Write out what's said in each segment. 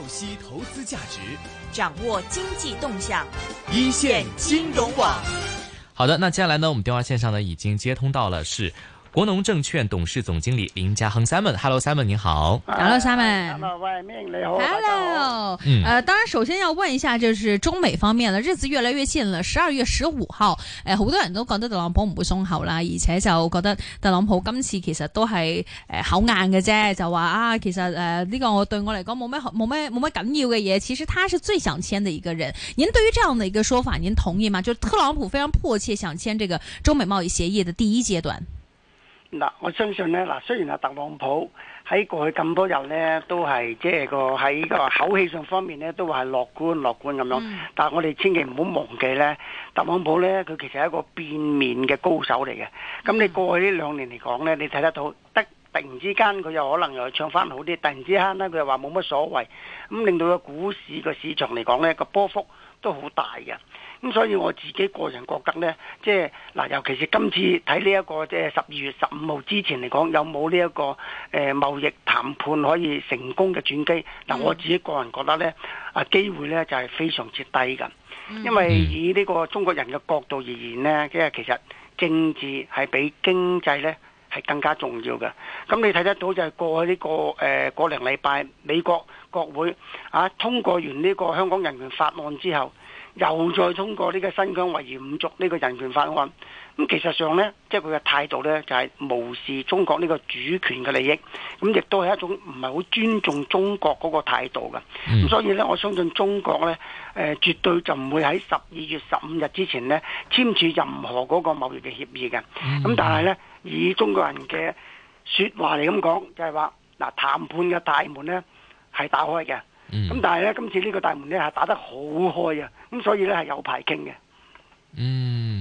透析投資價值，掌握經濟動向一，一線金融網。好的，那接下來呢？我們電話線上呢已經接通到了是。國農證券董事總經理林家亨 Simon，Hello Simon，你 Simon 好。Hello Simon。Hello，呃、uh,，當然首先要問一下，就是中美方面啦，日子越來越近了，十二月十五號，誒，好多人都覺得特朗普唔會鬆口啦，而且就覺得特朗普今次其實都係誒口硬嘅啫，就話啊，其實呃呢個我對我嚟講冇咩冇咩冇咩緊要嘅嘢，其實他是最想簽嘅一個人。您對於這樣的一個說法，您同意嗎？就特朗普非常迫切想簽這個中美貿易協議的第一階段。嗱，我相信呢，嗱，雖然阿特朗普喺過去咁多日呢，都係即係個喺個口氣上方面呢，都話係樂觀樂觀咁樣，嗯、但係我哋千祈唔好忘記呢，特朗普呢，佢其實係一個變面嘅高手嚟嘅。咁你過去呢兩年嚟講呢，你睇得到得。突然之間，佢又可能又唱翻好啲。突然之間呢，佢又話冇乜所謂。咁令到個股市個市場嚟講呢，個波幅都好大嘅。咁所以我自己個人覺得呢，即係嗱，尤其是今次睇呢一個即係十二月十五號之前嚟講，有冇呢一個誒貿易談判可以成功嘅轉機？嗱，我自己個人覺得呢，啊機會呢就係非常之低嘅，因為以呢個中國人嘅角度而言呢，即係其實政治係比經濟呢。係更加重要嘅，咁你睇得到就係過去呢個誒，過零禮拜，美國國會啊通過完呢個香港人權法案之後，又再通過呢個新疆維吾爾族呢個人權法案。咁其實上呢，即係佢嘅態度呢，就係、是、無視中國呢個主權嘅利益，咁亦都係一種唔係好尊重中國嗰個態度嘅。咁、嗯、所以呢，我相信中國呢，誒、呃、絕對就唔會喺十二月十五日之前呢簽署任何嗰個貿易嘅協議嘅。咁、嗯、但係呢，以中國人嘅説話嚟咁講，就係話嗱，談判嘅大門呢係打開嘅。咁、嗯、但係呢，今次呢個大門呢係打得好開啊！咁所以呢係有排傾嘅。嗯。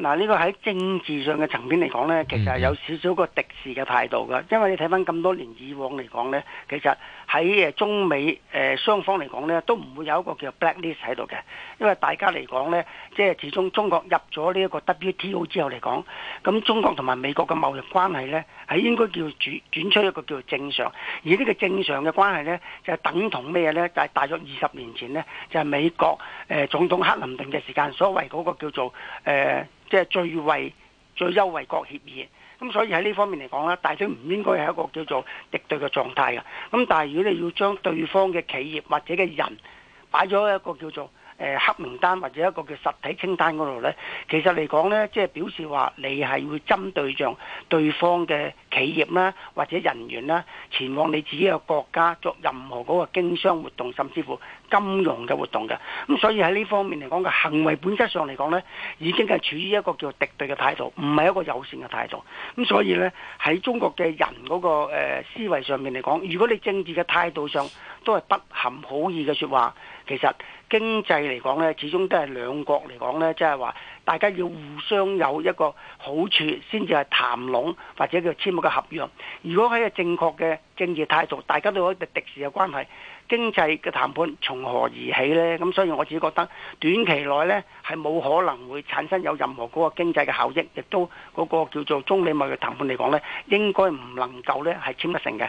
嗱，呢個喺政治上嘅層面嚟講呢，其實係有少少一個敵視嘅態度嘅，因為你睇翻咁多年以往嚟講呢，其實喺誒中美誒雙方嚟講呢，都唔會有一個叫 black list 喺度嘅，因為大家嚟講呢，即係始終中國入咗呢一個 WTO 之後嚟講，咁中國同埋美國嘅貿易關係呢，係應該叫轉轉出一個叫做正常，而呢個正常嘅關係呢，就係等同咩呢？就係大約二十年前呢，就係美國。誒總統克林頓嘅時間，所謂嗰個叫做誒，即、呃、係、就是、最惠、最優惠國協議，咁所以喺呢方面嚟講咧，大英唔應該係一個叫做敵對嘅狀態嘅，咁但係如果你要將對方嘅企業或者嘅人擺咗一個叫做黑名單或者一個叫實體清單嗰度呢，其實嚟講呢，即係表示話你係會針對像對方嘅企業啦，或者人員啦，前往你自己嘅國家作任何嗰個經商活動，甚至乎金融嘅活動嘅。咁所以喺呢方面嚟講嘅行為，本質上嚟講呢，已經係處於一個叫敵對嘅態度，唔係一個友善嘅態度。咁所以呢，喺中國嘅人嗰個思維上面嚟講，如果你政治嘅態度上都係不含好意嘅説話。其實經濟嚟講呢，始終都係兩國嚟講呢，即係話大家要互相有一個好處，先至係談攏或者叫簽一個合約。如果喺個正確嘅政治態度，大家都有敵視嘅關係，經濟嘅談判從何而起呢？咁所以我自己覺得短期內呢，係冇可能會產生有任何嗰個經濟嘅效益，亦都嗰個叫做中美貿易談判嚟講呢，應該唔能夠呢係簽得成嘅。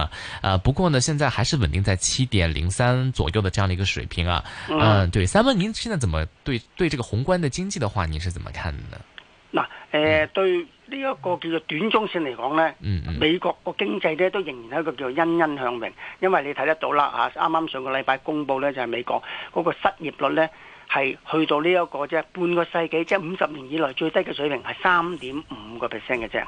啊，不過呢，現在還是穩定在七點零三左右的這樣的一個水平啊。嗯，呃、對，三文，您現在怎麼對對這個宏觀的經濟的話，您是怎麼看的呢？嗱，誒，對呢一個叫做短中線嚟講呢，嗯，嗯美國個經濟呢都仍然係一個叫做欣欣向榮，因為你睇得到啦，吓、啊，啱啱上個禮拜公布呢，就係、是、美國嗰個失業率呢係去到呢一個即係半個世紀即係五十年以來最低嘅水平係三點五個 percent 嘅啫，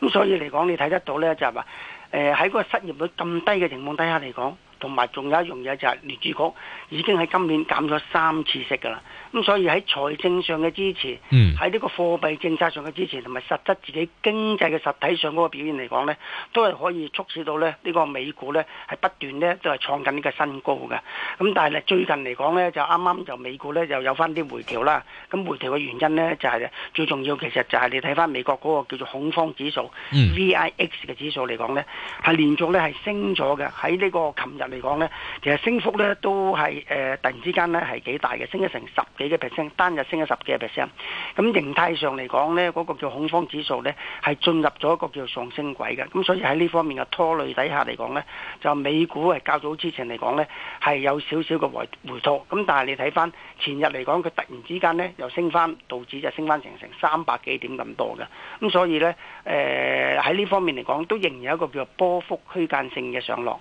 咁所以嚟講你睇得到呢，就係話。誒，喺個失業率咁低嘅情況底下嚟講，同埋仲有一樣嘢就係聯儲局已經喺今年減咗三次息噶啦。咁、嗯、所以喺財政上嘅支持，喺呢個貨幣政策上嘅支持，同埋實質自己經濟嘅實體上嗰個表現嚟講呢都係可以促使到呢呢個美股呢係不斷呢都係創緊呢個新高嘅。咁但係呢，最近嚟講呢，就啱啱就美股呢又有翻啲回調啦。咁回調嘅原因呢、就係，就係最重要其實就係你睇翻美國嗰個叫做恐慌指數 VIX 嘅指數嚟講呢係連續呢係升咗嘅。喺呢個琴日嚟講呢，其實升幅呢都係誒、呃、突然之間呢係幾大嘅，升咗成十幾嘅 percent，單日升咗十幾嘅 percent。咁形態上嚟講呢，嗰個叫恐慌指數呢，係進入咗一個叫上升軌嘅。咁所以喺呢方面嘅拖累底下嚟講呢，就美股係較早之前嚟講呢，係有少少嘅回回吐。咁但係你睇翻前日嚟講，佢突然之間呢，又升翻，道指就升翻成成三百幾點咁多嘅。咁所以呢，誒喺呢方面嚟講，都仍然有一個叫做波幅區間性嘅上落。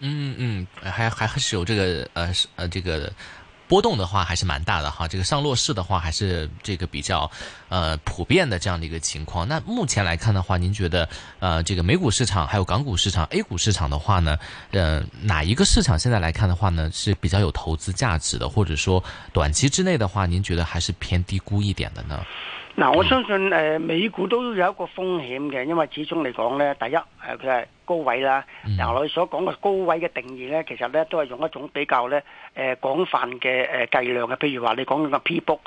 嗯嗯，還還是有這個，呃、啊、呃，這個。波動的話還是蠻大的哈，這個上落市的話還是這個比較，呃，普遍的這樣的一個情況。那目前來看的話，您覺得呃，這個美股市場、還有港股市場、A 股市場的話呢，呃，哪一個市場現在來看的話呢是比較有投資價值的，或者說短期之內的話，您覺得還是偏低估一點的呢？那我相信呃，美股都有一個風險嘅，因為始終嚟講呢，第一，誒、呃，佢係高位啦，嗱我哋所講嘅高位嘅定義咧，其實咧都係用一種比較咧誒、呃、廣泛嘅誒計量嘅，譬如話你講緊個 P book、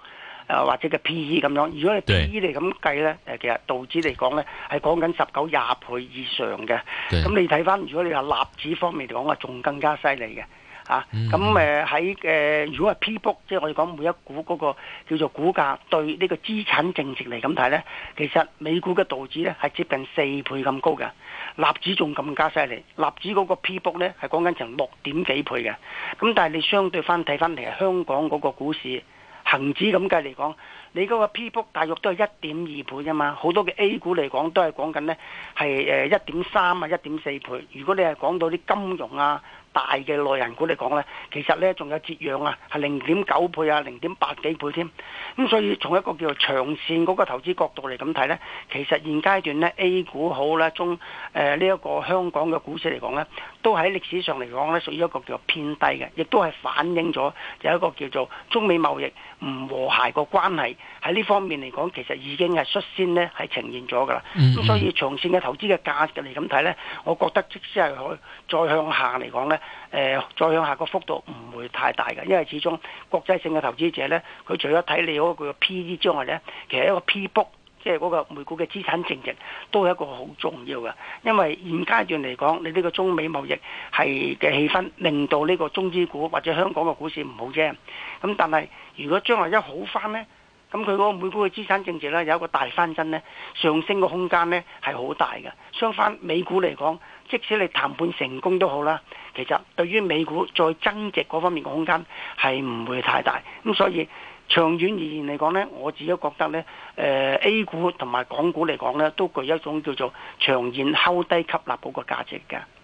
呃、或者個 P E 咁樣。如果你 P E 嚟咁計咧，其實道指嚟講咧係講緊十九廿倍以上嘅。咁你睇翻，如果你話納指方面嚟講啊，仲更加犀利嘅嚇。咁誒喺如果係 P book，即係我哋講每一股嗰個叫做股價對個資呢個資產淨值嚟咁睇咧，其實美股嘅道指咧係接近四倍咁高嘅。納指仲更加犀利，納指嗰個 P book 呢係講緊成六點幾倍嘅，咁但係你相對翻睇翻嚟，香港嗰個股市恒指咁計嚟講，你嗰個 P book 大約都係一點二倍啫嘛，好多嘅 A 股嚟講都係講緊呢係誒一點三啊一點四倍，如果你係講到啲金融啊。大嘅內銀股嚟講呢，其實呢仲有折讓啊，係零點九倍啊，零點八幾倍添、啊。咁、嗯、所以從一個叫做長線嗰個投資角度嚟咁睇呢，其實現階段呢 A 股好啦，中誒呢一個香港嘅股市嚟講呢，都喺歷史上嚟講呢，屬於一個叫做偏低嘅，亦都係反映咗有一個叫做中美貿易唔和諧個關係喺呢方面嚟講，其實已經係率先呢係呈現咗㗎啦。咁、mm -hmm. 所以長線嘅投資嘅價值嚟咁睇呢，我覺得即使係再向下嚟講呢。誒、呃，再向下個幅度唔會太大嘅，因為始終國際性嘅投資者呢，佢除咗睇你嗰個 PE 之外呢，其實一個 P book，即係嗰個每股嘅資產淨值，都係一個好重要嘅。因為現階段嚟講，你呢個中美貿易係嘅氣氛，令到呢個中資股或者香港嘅股市唔好啫。咁但係如果將來一好翻呢？咁佢嗰個每股嘅資產淨值咧有一個大翻身咧，上升嘅空間咧係好大嘅。相反，美股嚟講，即使你談判成功都好啦，其實對於美股再增值嗰方面嘅空間係唔會太大。咁所以長遠而言嚟講咧，我自己覺得咧，呃，A 股同埋港股嚟講咧，都具一種叫做長遠候低吸納個嘅價值嘅。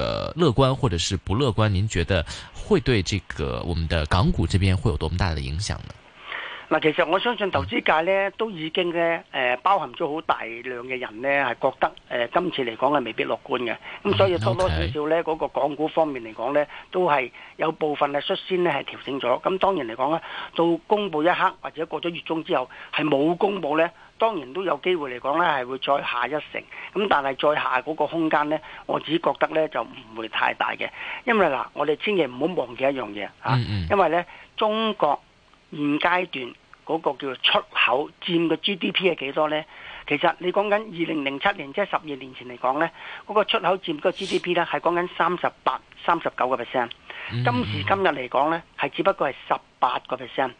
呃，樂觀或者是不樂觀，您覺得會對這個我們的港股這邊會有多麼大的影響呢？嗱，其實我相信投資界呢，都已經咧，誒，包含咗好大量嘅人呢，係覺得誒、呃，今次嚟講係未必樂觀嘅。咁所以多多少少呢嗰、okay. 個港股方面嚟講呢都係有部分係率先呢，係調整咗。咁當然嚟講呢到公佈一刻或者過咗月中之後，係冇公佈呢。當然都有機會嚟講咧，係會再下一成。咁但係再下嗰個空間呢，我自己覺得呢就唔會太大嘅。因為嗱，我哋千祈唔好忘記一樣嘢嚇，因為呢，中國現階段嗰個叫做出口佔個 GDP 係幾多呢？其實你講緊二零零七年即係十二年前嚟講呢，嗰個出口佔個 GDP 呢係講緊三十八、三十九個 percent。今時今日嚟講呢，係只不過係十八個 percent。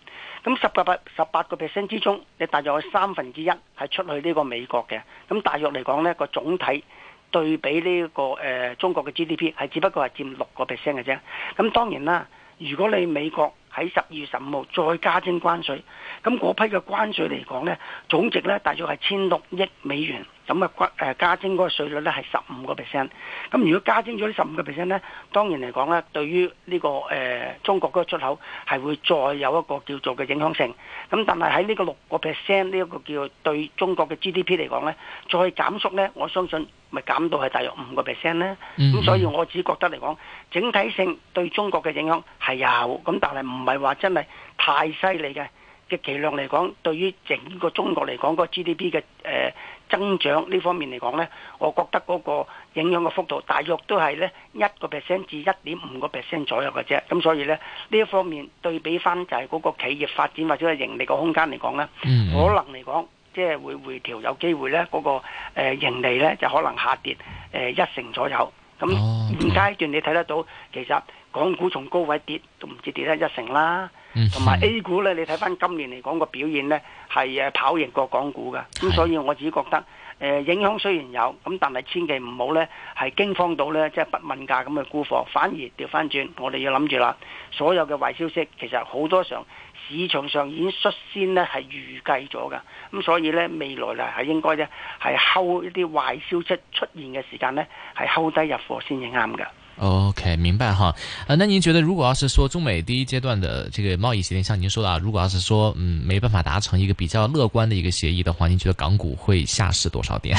咁十八個 percent 之中，你大約有三分之一係出去呢個美國嘅。咁大約嚟講呢，呢個總體對比呢，呢個，呃、中國嘅 GDP 係只不過係佔六個 percent 嘅啫。咁當然啦。如果你美國喺十二月十五號再加徵關稅，咁嗰批嘅關稅嚟講咧，總值呢大約係千六億美元。咁啊，關誒加徵嗰個稅率呢係十五個 percent。咁如果加徵咗呢十五個 percent 呢，當然嚟講呢，對於呢、這個誒、呃、中國嗰個出口係會再有一個叫做嘅影響性。咁但係喺呢個六個 percent 呢一個叫對中國嘅 GDP 嚟講呢，再減縮呢，我相信。咪減到係大約五個 percent 咧，咁、mm -hmm. 所以我只覺得嚟講，整體性對中國嘅影響係有，咁但係唔係話真係太犀利嘅，極其量嚟講，對於整個中國嚟講個 GDP 嘅誒、呃、增長呢方面嚟講咧，我覺得嗰個影響嘅幅度，大約都係咧一個 percent 至一點五個 percent 左右嘅啫。咁所以咧呢一方面對比翻就係嗰個企業發展或者係盈利嘅空間嚟講咧，mm -hmm. 可能嚟講。即係會回調，有機會呢嗰、那個盈利呢就可能下跌誒、呃、一成左右。咁現階段你睇得到，oh. 其實港股從高位跌都唔止跌得一成啦。同、mm、埋 -hmm. A 股呢，你睇翻今年嚟講個表現呢，係誒跑贏過港股嘅。咁所以我自己覺得誒、呃、影響雖然有，咁但係千祈唔好呢係驚慌到呢，即係、就是、不問價咁去沽貨，反而調翻轉。我哋要諗住啦，所有嘅壞消息其實好多時候。市場上已經率先呢係預計咗㗎，咁所以呢，未來呢係應該呢，係睺一啲壞消息出現嘅時間呢，係睺低入貨先至啱㗎。O、okay, K，明白哈。啊、呃，那您覺得如果要是說中美第一階段的這個貿易協定，像您說的，如果要是說嗯，沒辦法達成一個比較樂觀的一個協議的話，您覺得港股會下市多少點？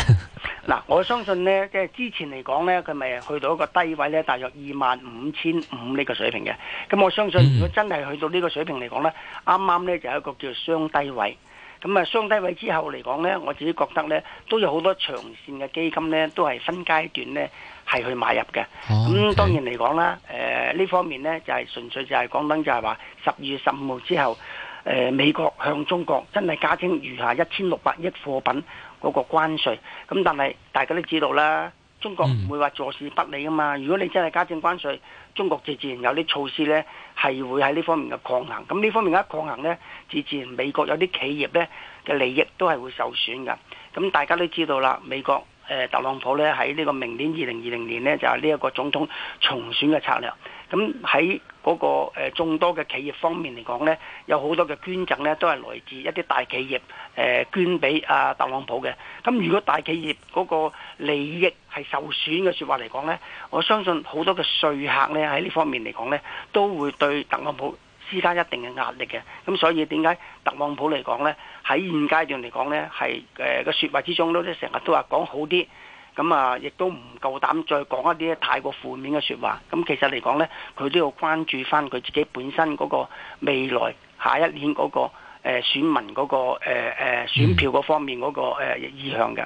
嗱， 我相信呢，即係之前嚟講呢，佢咪去到一個低位呢，大約二萬五千五呢個水平嘅。咁我相信如果真係去到呢個水平嚟講呢，啱、嗯、啱呢就有一個叫雙低位。咁啊，雙低位之後嚟講咧，我自己覺得咧，都有好多長線嘅基金咧，都係分階段咧係去買入嘅。咁、okay. 嗯、當然嚟講啦，誒、呃、呢方面咧就係、是、純粹就係講緊就係話十二月十五號之後，誒、呃、美國向中國真係加徵餘下一千六百億貨品嗰個關稅。咁但係大家都知道啦。嗯、中國唔會話坐視不理噶嘛，如果你真係加徵關稅，中國就自然有啲措施呢係會喺呢方面嘅抗衡。咁呢方面一抗衡呢，自然美國有啲企業呢嘅利益都係會受損噶。咁大家都知道啦，美國誒、呃、特朗普呢喺呢個明年二零二零年呢，就係呢一個總統重選嘅策略。咁喺嗰個誒眾多嘅企業方面嚟講呢，有好多嘅捐贈呢都係來自一啲大企業誒、呃、捐俾阿特朗普嘅。咁如果大企業嗰個利益係受損嘅說話嚟講呢，我相信好多嘅稅客呢喺呢方面嚟講呢，都會對特朗普施加一定嘅壓力嘅。咁所以點解特朗普嚟講呢，喺現階段嚟講呢，係誒個説話之中都成日都話講好啲。咁啊，亦都唔夠膽再講一啲太過負面嘅說話。咁其實嚟講咧，佢都要關注返佢自己本身嗰個未來下一年嗰個誒選民嗰個誒誒選票嗰方面嗰個誒意向嘅。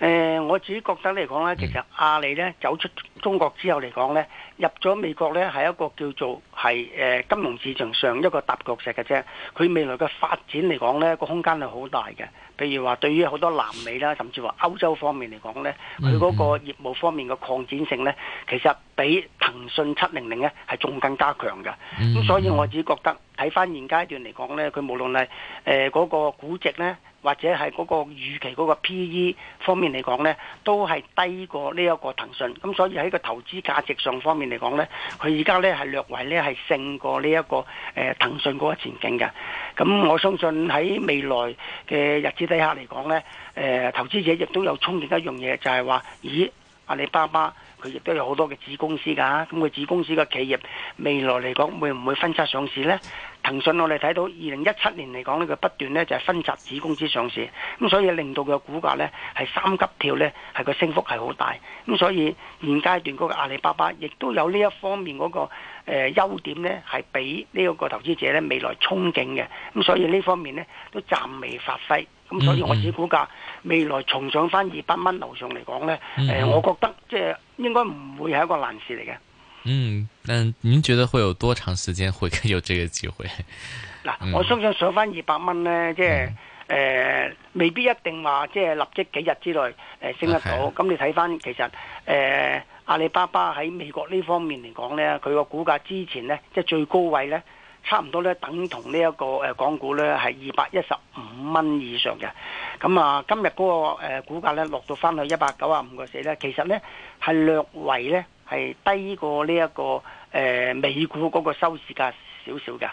誒、呃，我自己覺得嚟講呢，其實阿里呢走出中國之後嚟講呢，入咗美國呢係一個叫做係誒、呃、金融市場上一個踏腳石嘅啫。佢未來嘅發展嚟講呢個空間係好大嘅。譬如話，對於好多南美啦，甚至話歐洲方面嚟講呢，佢嗰、嗯嗯、個業務方面嘅擴展性呢，其實比騰訊七零零呢係仲更加強嘅。咁、嗯嗯、所以，我自己覺得睇翻現階段嚟講呢，佢無論係誒嗰個估值呢。或者係嗰個預期嗰個 P/E 方面嚟講呢都係低過呢一個騰訊，咁所以喺個投資價值上方面嚟講呢佢而家呢係略為呢係勝過呢一個誒騰訊嗰個前景嘅。咁我相信喺未來嘅日子底下嚟講呢誒投資者亦都有憧憬一樣嘢，就係、是、話，咦，阿里巴巴。佢亦都有好多嘅子公司噶、啊，咁佢子公司嘅企業未來嚟講會唔會分拆上市呢？騰訊我哋睇到二零一七年嚟講呢佢不斷呢就係、是、分拆子公司上市，咁所以令到佢嘅股價呢，係三級跳呢，係個升幅係好大，咁所以現階段嗰個阿里巴巴亦都有呢一方面嗰、那個誒優、呃、點呢，係俾呢一個投資者呢未來憧憬嘅，咁所以呢方面呢，都暫未發揮。咁、嗯嗯、所以我自己估價未來重上翻二百蚊樓上嚟講呢，誒、嗯呃，我覺得即係、呃、應該唔會係一個難事嚟嘅。嗯，但您覺得會有多長時間會有呢個機會？嗱、嗯呃，我相信上翻二百蚊呢，即係誒，未必一定話即係立即幾日之內誒、呃、升得到。咁、嗯、你睇翻其實誒、呃、阿里巴巴喺美國呢方面嚟講呢，佢個股價之前呢，即係最高位呢。差唔多咧，等同呢一個港股咧係二百一十五蚊以上嘅。咁啊，今日嗰個股價咧落到翻去一百九啊五個四咧，其實咧係略為咧係低過呢一個誒美股嗰個收市價少少嘅。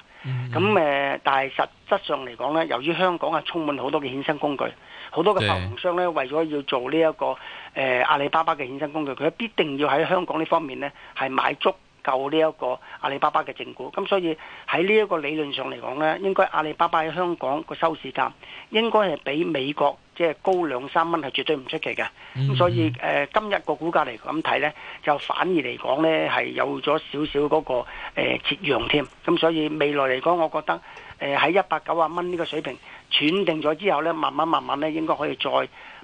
咁、mm -hmm. 但係實質上嚟講咧，由於香港係充滿好多嘅衍生工具，好多嘅發行商咧為咗要做呢一個誒阿里巴巴嘅衍生工具，佢必定要喺香港呢方面咧係買足。夠呢一個阿里巴巴嘅正股，咁所以喺呢一個理論上嚟講呢，應該阿里巴巴喺香港個收市價應該係比美國即係高兩三蚊，係絕對唔出奇嘅。咁、嗯嗯、所以誒、呃、今日個股價嚟咁睇呢，就反而嚟講呢係有咗少少嗰、那個誒折讓添。咁、呃、所以未來嚟講，我覺得誒喺一百九啊蚊呢個水平喘定咗之後呢，慢慢慢慢呢應該可以再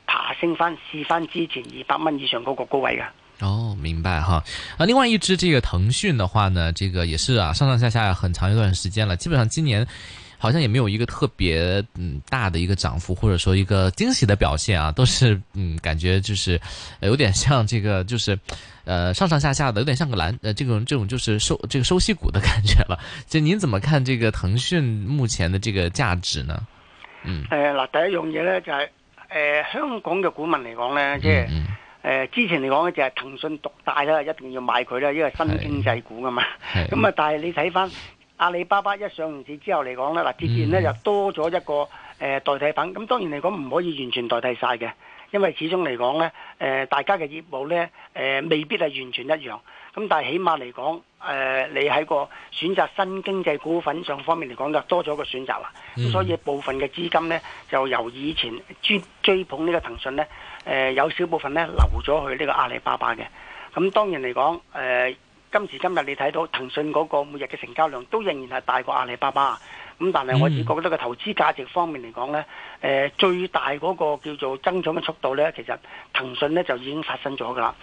爬升翻試翻之前二百蚊以上嗰個高位噶。哦，明白哈，啊，另外一支這個騰訊的話呢，這個也是啊，上上下下很長一段時間了，基本上今年，好像也沒有一個特別嗯大的一個漲幅，或者說一個驚喜的表現啊，都是嗯感覺就是、呃，有點像這個就是，呃上上下下的有點像個藍呃這種這種就是收這個收息股的感覺了。就您怎麼看這個騰訊目前的這個價值呢？嗯，誒、呃，那第一樣嘢呢，就係、是，誒、呃、香港嘅股民嚟講呢，即係。呃、之前嚟講咧就係騰訊獨大啦，一定要買佢啦，因為新經濟股㗎嘛。咁啊，但係你睇翻阿里巴巴一上市之後嚟講呢，嗱自然呢就、嗯、多咗一個誒、呃、代替品。咁當然嚟講唔可以完全代替晒嘅，因為始終嚟講呢誒大家嘅業務呢誒、呃、未必係完全一樣。咁但係起碼嚟講誒你喺個選擇新經濟股份上方面嚟講就多咗一個選擇啦。咁、嗯、所以部分嘅資金呢，就由以前追追捧呢個騰訊呢。誒、呃、有少部分呢，留咗去呢個阿里巴巴嘅，咁、嗯、當然嚟講，誒、呃、今時今日你睇到騰訊嗰個每日嘅成交量都仍然係大過阿里巴巴。咁、嗯、但係我只覺得個投資價值方面嚟講呢，誒，最大嗰個叫做增長嘅速度呢，其實騰訊呢就已經發生咗噶啦。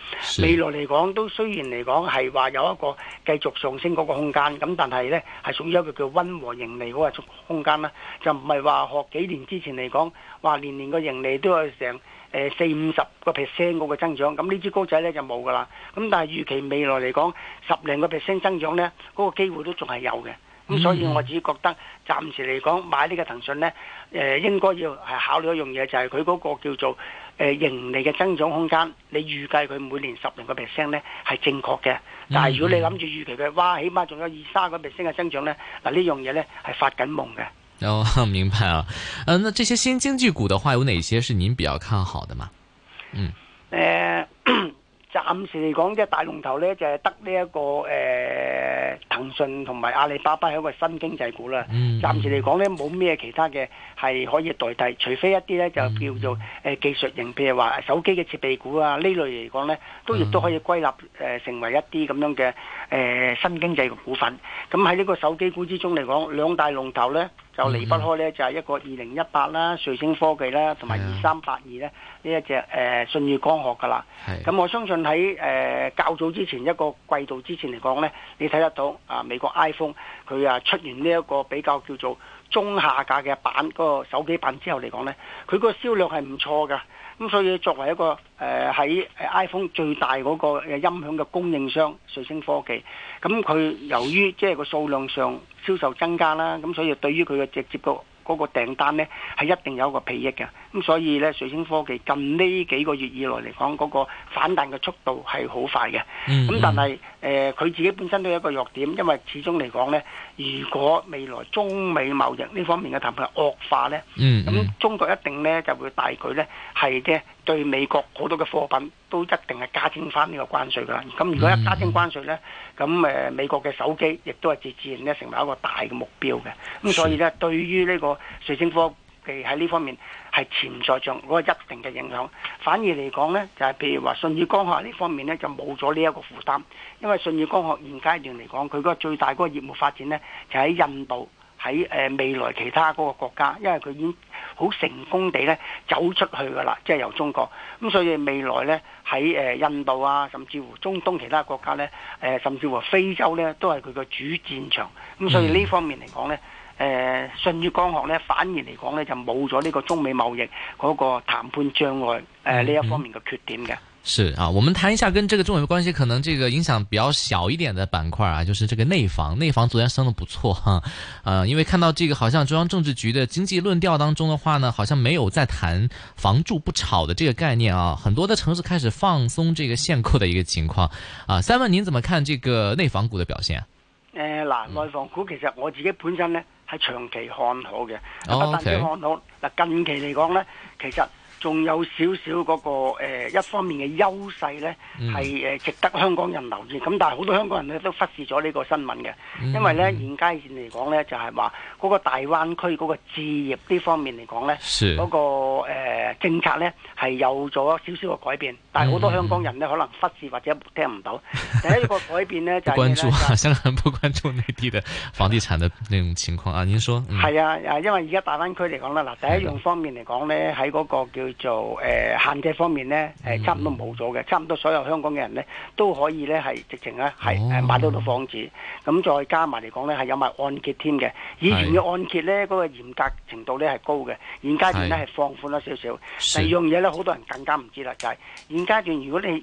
未來嚟講都雖然嚟講係話有一個繼續上升嗰個空間，咁但係呢係屬於一個叫溫和盈利嗰個空間啦，就唔係話學幾年之前嚟講，話年年個盈利都有成誒四五十個 percent 個增長，咁、嗯、呢支股仔呢就冇噶啦。咁但係預期未來嚟講十零個 percent 增長呢，嗰、嗰個機會都仲係有嘅。咁、嗯、所以，我只覺得暫時嚟講買呢個騰訊呢，誒、呃、應該要係考慮一樣嘢，就係佢嗰個叫做誒盈利嘅增長空間。你預計佢每年十零個 percent 呢係正確嘅，但係如果你諗住預期嘅，哇，起碼仲有二三個 percent 嘅增長呢，嗱，呢樣嘢呢係發緊夢嘅。哦，明白了、啊。嗯、呃，那這些新經濟股的話，有哪些是您比較看好的嘛？嗯。誒、呃。暫時嚟講，即係大龍頭咧，就係得呢一個誒，騰訊同埋阿里巴巴係一個新經濟股啦。暫、嗯嗯、時嚟講咧，冇咩其他嘅係可以代替，除非一啲咧就叫做誒、呃、技術型，譬如話手機嘅設備股啊，這類來講呢類嚟講咧，都亦都可以歸納誒成為一啲咁樣嘅誒、呃、新經濟嘅股份。咁喺呢個手機股之中嚟講，兩大龍頭咧。就離不開呢，就係、是、一個二零一八啦、瑞聲科技啦，同埋二三八二咧呢一隻誒舜宇光學㗎喇。咁我相信喺誒、呃、較早之前一個季度之前嚟講呢，你睇得到啊，美國 iPhone 佢啊出現呢一個比較叫做，中下價嘅版，個手機版之後嚟講呢，佢個銷量係唔錯噶，咁所以作為一個誒喺 iPhone 最大嗰個音響嘅供應商瑞聲科技，咁佢由於即係個數量上銷售增加啦，咁所以對於佢嘅直接的那個嗰個訂單呢，係一定有一個裨益嘅，咁所以呢，瑞聲科技近呢幾個月以來嚟講嗰個反彈嘅速度係好快嘅，咁、嗯嗯、但係誒佢自己本身都有一個弱點，因為始終嚟講呢。如果未來中美貿易呢方面嘅談判惡化咧，咁、嗯嗯、中國一定呢就會大舉呢係嘅對美國好多嘅貨品都一定係加徵翻呢個關稅㗎啦。咁如果一加徵關稅呢，咁誒、呃、美國嘅手機亦都係自自然咧成為一個大嘅目標嘅。咁所以呢，對於呢個瑞星科技喺呢方面，係潛在上嗰、那個一定嘅影響，反而嚟講呢，就係、是、譬如話信義光學呢方面呢，就冇咗呢一個負擔，因為信義光學現階段嚟講，佢嗰個最大嗰個業務發展呢，就喺、是、印度，喺誒未來其他嗰個國家，因為佢已經好成功地呢走出去噶啦，即、就、係、是、由中國，咁所以未來呢，喺誒印度啊，甚至乎中東其他國家呢，誒甚至乎非洲呢，都係佢嘅主戰場，咁所以呢方面嚟講呢。嗯誒、嗯，信譽江河呢，反而嚟講呢，就冇咗呢個中美貿易嗰個談判障礙誒呢一方面嘅缺點嘅。是啊，我們談一下跟這個中美關係可能這個影響比較小一點的板塊啊，就是這個內房。內房昨天升得不錯，啊，因為看到這個好像中央政治局的經濟論調當中的話呢，好像沒有再談房住不炒的這個概念啊，很多的城市開始放鬆這個限購的一個情況啊。三問您怎麼看這個內房股的表現？誒、呃、嗱，內房股其實我自己本身呢。係長期看好嘅，Oh, okay. 但係看好，嗱近期嚟講咧，其實。仲有少少嗰個誒、呃、一方面嘅優勢咧，係、嗯、誒值得香港人留意。咁但係好多香港人咧都忽視咗呢個新聞嘅、嗯，因為咧現階段嚟講咧就係話嗰個大灣區嗰個置業呢方面嚟講咧，嗰、嗰個誒、呃、政策咧係有咗少少嘅改變，嗯、但係好多香港人咧、嗯、可能忽視或者聽唔到、嗯。第一個改變咧 就係關注香港人不關注內地嘅房地產嘅那種情況啊。您說係啊、嗯、因為而家大灣區嚟講啦，嗱第一樣方面嚟講咧喺嗰個叫。叫做誒、呃、限制方面咧，誒差唔多冇咗嘅，差唔多、嗯、所有香港嘅人咧都可以咧係直情咧係誒買到套房子，咁、哦、再加埋嚟講咧係有埋按揭添嘅。以前嘅按揭咧嗰、那個嚴格程度咧係高嘅，現階段咧係放寬咗少少。第二樣嘢咧好多人更加唔知啦，就係、是、現階段如果你誒、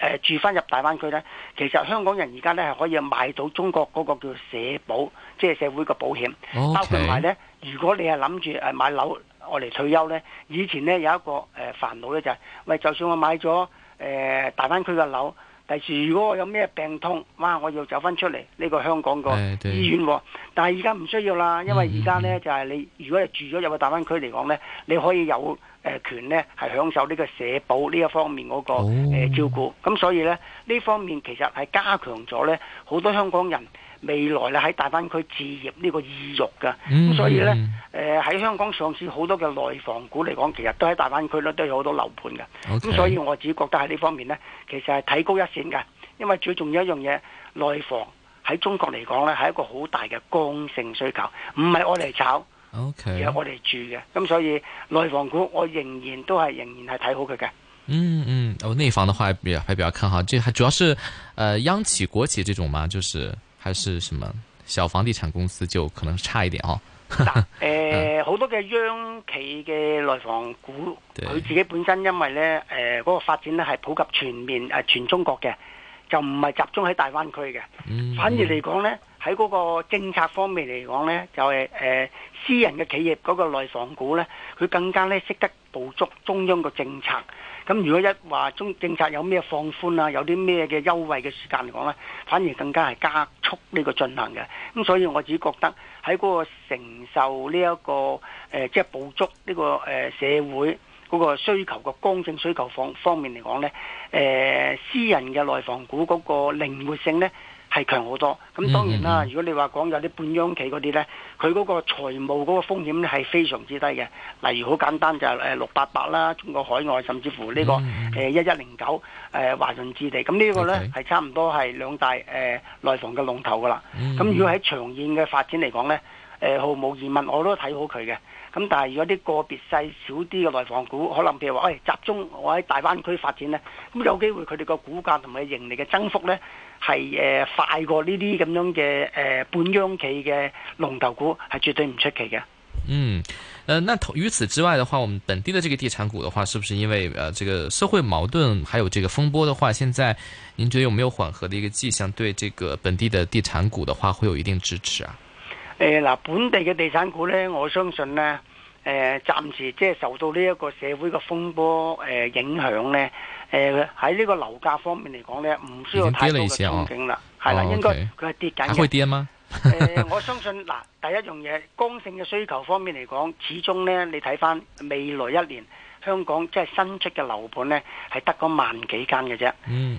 呃、住翻入大灣區咧，其實香港人而家咧係可以買到中國嗰個、叫社保，即係社會嘅保險，okay. 包括埋咧，如果你係諗住誒買樓。我嚟退休呢，以前呢，有一個誒、呃、煩惱呢，就係、係、喂，就算我買咗誒、呃、大灣區嘅樓，第時如果我有咩病痛，哇，我要走返出嚟呢個香港個醫院喎、欸。但係而家唔需要啦，因為而家呢，嗯、就係、係、你如果住咗入個大灣區嚟講呢，你可以有誒、呃、權呢係享受呢個社保呢一方面嗰、嗰個、哦呃、照顧。咁所以呢，呢方面其實係加強咗呢好多香港人。未來咧喺大灣區置業呢個意欲噶，咁所以咧，誒、嗯、喺、呃、香港上市好多嘅內房股嚟講，其實都喺大灣區咧都有好多樓盤嘅，咁、okay. 所以我只覺得喺呢方面咧，其實係睇高一線嘅。因為最重要一樣嘢，內房喺中國嚟講咧係一個好大嘅剛性需求，唔係我嚟炒，okay. 而係我嚟住嘅。咁所以內房股我仍然都係仍然係睇好佢嘅。嗯嗯，我、哦、內房嘅話還比較還比較看好，即係主要係，誒、呃、央企國企這種嘛，就是。還是什麼小房地產公司就可能差一點哦。誒、 呃，好多嘅央企嘅內房股，佢自己本身因為呢誒嗰、呃那個發展咧係普及全面誒全中國嘅，就唔係集中喺大灣區嘅，反而嚟講呢喺嗰、嗯、個政策方面嚟講呢就係、是、誒、呃、私人嘅企業嗰個內房股呢，佢更加咧識得捕捉中央嘅政策。咁如果一話中政策有咩放寬啊，有啲咩嘅優惠嘅時間嚟講呢，反而更加係加速呢個進行嘅。咁所以我自己覺得喺嗰個承受呢、誒、一個即係補足呢個誒社會嗰個需求嘅剛性需求方方面嚟講呢，誒私人嘅內房股嗰個靈活性呢。係強好多，咁當然啦。如果你話講有啲半央企嗰啲呢，佢嗰個財務嗰個風險係非常之低嘅。例如好簡單就係六八八啦，中國海外，甚至乎呢個誒一一零九誒華潤置地。咁呢個呢，係、okay. 差唔多係兩大誒、呃、內房嘅龍頭㗎啦。咁如果喺長遠嘅發展嚟講呢，誒、呃、毫無疑問，我都睇好佢嘅。咁但係如果啲個別細小啲嘅內房股，可能譬如話，喂、哎，集中我喺大灣區發展呢，咁有機會佢哋個股價同埋盈利嘅增幅呢，係誒快過呢啲咁樣嘅誒、呃、半央企嘅龍頭股，係絕對唔出奇嘅。嗯，誒、呃，那除此之外嘅話，我們本地的這個地產股嘅話，是不是因為誒、啊、這個社會矛盾，還有這個風波嘅話，現在您覺得有沒有緩和嘅一個跡象，對這個本地的地產股嘅話，會有一定支持啊？誒，嗱，本地嘅地產股咧，我相信咧，誒、呃，暫時即係受到呢一個社會嘅風波誒、呃、影響咧，誒喺呢個樓價方面嚟講咧，唔需要太多嘅憧憬啦，係啦、哦，應該佢係跌緊會跌啊嘛。誒、 呃，我相信嗱、呃，第一樣嘢，剛性嘅需求方面嚟講，始終咧，你睇翻未來一年。香港即係新出嘅樓盤呢，係得嗰萬幾間嘅啫。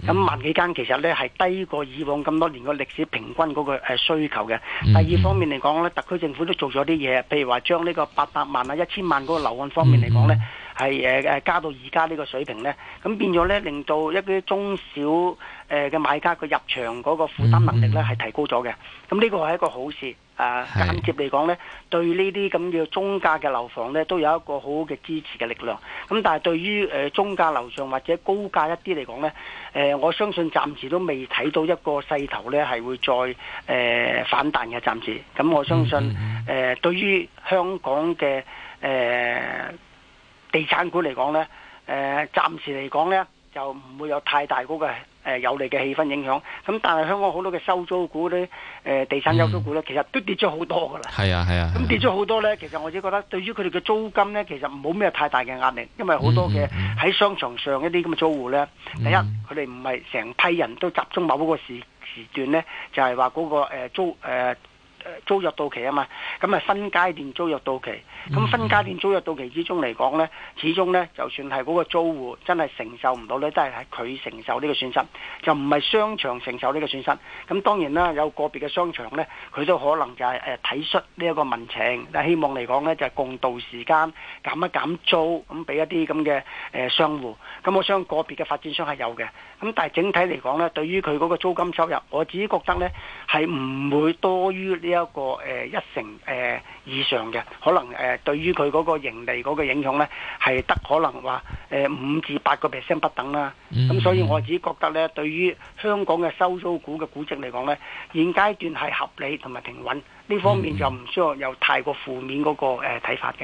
咁萬幾間其實呢，係低過以往咁多年個歷史平均嗰個需求嘅、嗯嗯。第二方面嚟講呢，特區政府都做咗啲嘢，譬如話將呢個八百萬啊、一千萬嗰個樓按方面嚟講呢，係誒誒加到而家呢個水平呢。咁變咗呢，令到一啲中小誒嘅買家佢入場嗰個負擔能力呢，係、嗯嗯、提高咗嘅。咁呢個係一個好事。誒間接嚟講呢，對呢啲咁叫中價嘅樓房呢，都有一個好好嘅支持嘅力量。咁但係對於誒中價樓上或者高價一啲嚟講呢，誒、呃、我相信暫時都未睇到一個勢頭呢，係會再誒、呃、反彈嘅。暫時咁我相信誒、嗯嗯嗯呃、對於香港嘅誒、呃、地產股嚟講呢，誒、呃、暫時嚟講呢，就唔會有太大嗰個，誒、呃、有利嘅氣氛影響，咁但係香港好多嘅收租股咧，誒地產收租股呢，呃租股呢嗯、其實都跌咗好多㗎啦。係啊係啊，咁、啊啊、跌咗好多呢，其實我自己覺得對於佢哋嘅租金呢，其實冇咩太大嘅壓力，因為好多嘅喺商場上一啲咁嘅租戶呢、嗯。第一佢哋唔係成批人都集中某一個時時段呢，就係話嗰個、呃、租、呃租約到期啊嘛，咁啊分階段租約到期，咁分階段租約到期之中嚟講呢，始終呢，就算係嗰個租戶真係承受唔到呢，都係係佢承受呢個損失，就唔係商場承受呢個損失。咁當然啦，有個別嘅商場呢，佢都可能就係誒體恤呢一個民情，但希望嚟講呢，就係共度時間，減一減租，咁俾一啲咁嘅誒商戶。咁我想個別嘅發展商係有嘅，咁但係整體嚟講呢，對於佢嗰個租金收入，我自己覺得呢，係唔會多於呢。一個誒、呃、一成誒、呃、以上嘅，可能誒、呃、對於佢嗰個盈利嗰個影響咧，係得可能話誒五至八個 percent 不等啦。咁、mm -hmm. 所以我只覺得咧，對於香港嘅收租股嘅估值嚟講咧，現階段係合理同埋平穩，呢方面就唔需要有太過負面嗰、嗰個誒睇、呃、法嘅。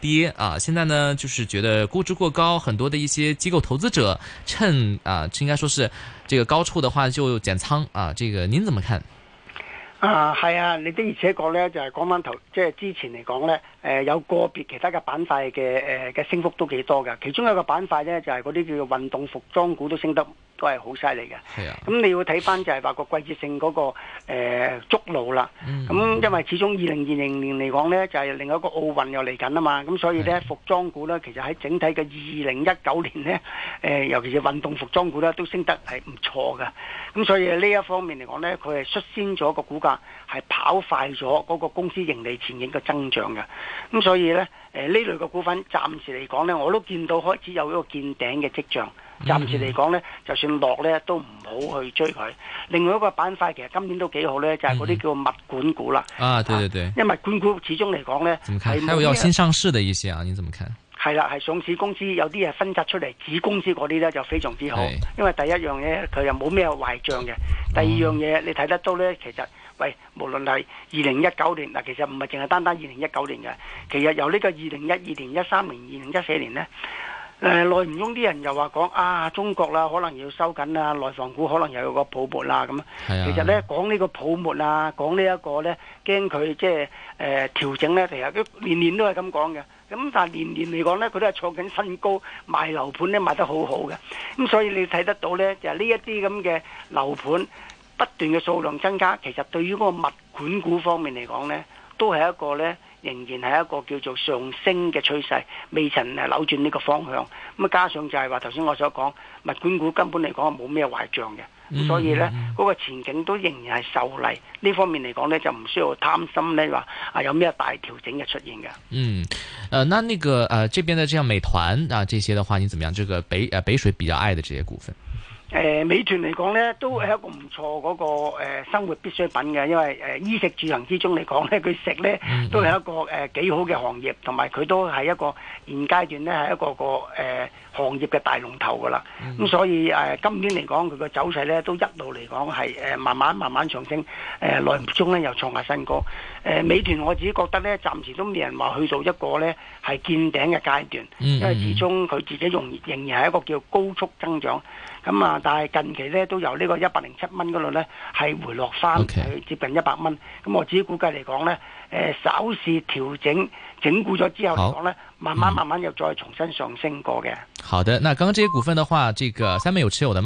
跌啊！現在呢，就是覺得估值過高，很多的一些機構投資者趁啊，應該說是這個高處的話就減倉啊。這個您怎麼看？啊，係啊，你的而且講呢，就係講翻頭，即係之前嚟講呢，誒、呃，有個別其他嘅板塊嘅誒嘅升幅都幾多噶。其中有個板塊呢，就係嗰啲叫做運動服裝股都升得。都係好犀利嘅，咁你要睇翻就係話個季節性嗰個捉路啦。咁、嗯、因為始終二零二零年嚟講呢，就係、是、另外一個奧運又嚟緊啊嘛，咁所以呢、啊，服裝股呢，其實喺整體嘅二零一九年呢、呃，尤其是運動服裝股呢，都升得係唔錯㗎。咁、嗯、所以呢一方面嚟講呢，佢係率先咗個股價係跑快咗嗰個公司盈利前景嘅增長嘅。咁、嗯、所以呢，呢、呃、類嘅股份暫時嚟講呢，我都見到開始有一個見頂嘅跡象。暫時嚟講咧，就算落咧，都唔好去追佢。另外一個板塊其實今年都幾好咧，就係嗰啲叫物管股啦。啊，對對對，因為物管股始終嚟講咧，還有要新上市的一些啊，你怎麼看？係啦，係上市公司有啲嘢分拆出嚟子公司嗰啲咧，就非常之好。因為第一樣嘢佢又冇咩壞賬嘅。第二樣嘢你睇得到咧，其實喂，無論係二零一九年嗱，其實唔係淨係單單二零一九年嘅，其實由呢個二零一二年、一三年、二零一四年咧。誒、呃，內唔庸啲人又話講啊，中國啦可能要收緊啦，內房股可能又有個泡沫啦咁。啊、其實咧講呢個泡沫啊，講呢一個咧驚佢即係誒調整咧，其實佢年年都係咁講嘅。咁但係年年嚟講咧，佢都係創緊新高，賣樓盤咧賣得好好嘅。咁所以你睇得到咧，就係呢一啲咁嘅樓盤不斷嘅數量增加，其實對於嗰個物管股方面嚟講咧，都係一個咧。仍然係一個叫做上升嘅趨勢，未曾誒扭轉呢個方向。咁啊加上就係話頭先我所講，物管股根本嚟講係冇咩壞賬嘅，所以呢，嗰、那個前景都仍然係受利。呢方面嚟講呢，就唔需要貪心呢話啊有咩大調整嘅出現嘅。嗯，誒，那那個誒、呃，這邊的像美團啊，這些的話，你怎麼樣？這個北誒、呃、北水比較愛的這些股份。誒、呃、美團嚟講咧，都係一個唔錯嗰、那個、呃、生活必需品嘅，因為誒、呃、衣食住行之中嚟講咧，佢食咧都係一個誒幾、呃、好嘅行業，同埋佢都係一個現階段咧係一個個誒、呃、行業嘅大龍頭噶啦。咁、嗯、所以誒、呃、今年嚟講，佢個走勢咧都一路嚟講係誒慢慢慢慢上升，誒、呃、內中咧又創下新高。誒、呃、美團我自己覺得咧，暫時都冇人話去到一個咧係見頂嘅階段，因為始終佢自己用仍然係一個叫高速增長。咁、嗯、啊！但係近期咧，都由個呢個一百零七蚊嗰度咧，係回落翻去接近一百蚊。咁、Okay. 嗯、我自己估計嚟講咧，誒、呃，稍事調整整固咗之後嚟講咧，oh. 慢慢慢慢又再重新上升過嘅。好的，那剛剛這些股份的話，這個三位有持有的嗎？